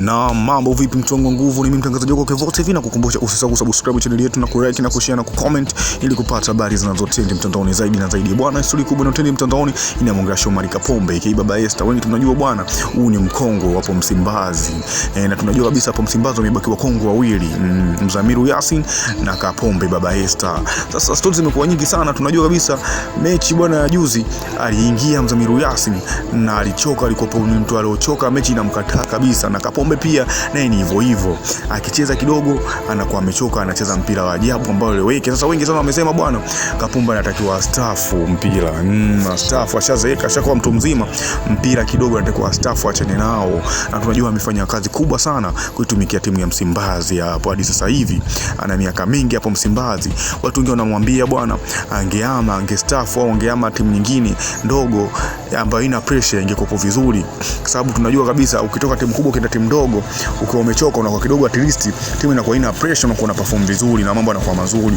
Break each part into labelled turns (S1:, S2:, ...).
S1: Na mambo vipi, mtu wangu nguvu, ni mimi mtangazaji wako Kevo TV na kukumbusha usisahau kusubscribe channel yetu na kulike na kushare na kucomment ili kupata habari zinazotendi mtandaoni zaidi na zaidi. Bwana, stori kubwa inayotendi mtandaoni inamwongelea Shomari Kapombe aka Baba Esther. Wengi tunajua bwana, huyu ni mkongwe hapo Msimbazi. E, na tunajua kabisa hapo Msimbazi wamebaki wakongwe wawili, mm, Mzamiru Yasin na Kapombe Baba Esther. Sasa stori zimekuwa nyingi sana, tunajua kabisa mechi bwana ya juzi aliingia Mzamiru Yasin na alichoka, alikuwa ni mtu aliochoka, mechi inamkataa kabisa na Kapombe pombe pia naye ni hivyo hivyo, akicheza kidogo anakuwa amechoka, anacheza mpira wa ajabu ambao eleweki. Sasa wengi sana wamesema bwana, Kapumba anatakiwa astaafu mpira mm, astaafu, ashazeeka, ashakuwa mtu mzima, mpira kidogo anatakiwa astaafu, achane nao, na tunajua amefanya kazi kubwa sana kuitumikia timu ya Msimbazi hapo hadi sasa hivi, ana miaka mingi hapo Msimbazi. Watu wengi wanamwambia bwana, angeama angestaafu au angeama timu nyingine ndogo ambayo ina pressure, ingekuwa vizuri, kwa sababu tunajua kabisa ukitoka timu kubwa kwenda timu kidogo ukiwa umechoka, unakuwa kidogo, at least timu inakuwa ina pressure, unakuwa una perform vizuri na mambo yanakuwa mazuri.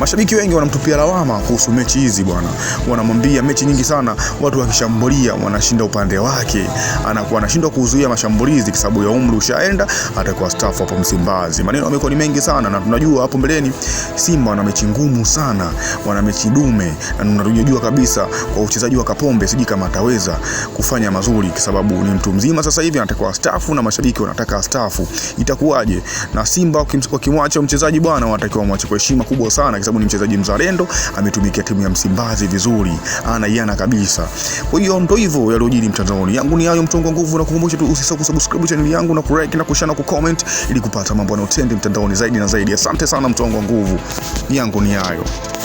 S1: Mashabiki wengi wanamtupia lawama kuhusu mechi hizi bwana, wanamwambia mechi nyingi sana watu wakishambulia wanashinda upande wake, anakuwa anashindwa kuzuia mashambulizi kwa sababu ya umri ushaenda, atakuwa staff hapo Msimbazi. Maneno yamekuwa ni mengi sana, na tunajua hapo mbeleni Simba wana mechi ngumu sana, wana mechi dume, na tunajua kabisa kwa uchezaji wa Kapombe siji kama ataweza kufanya mazuri, kwa sababu ni mtu mzima sasa hivi, anatakiwa staff na mashabiki wanataka staff. Itakuwaje na Simba wakimwacha mchezaji bwana, wanatakiwa wamwache kwa heshima kubwa sana sana, kwa sababu ni mchezaji mzalendo, ametumikia timu ya Msimbazi vizuri, ana yana kabisa. Kwa hiyo ndio hivyo yaliyojiri mtandaoni. Yangu ni hayo, mtongo nguvu, na kukumbusha tu usisahau kusubscribe channel yangu na kulike na kushare na kucomment ili kupata mambo yanayotrend mtandaoni zaidi na zaidi. Asante sana, mtongo nguvu. Yangu ni hayo.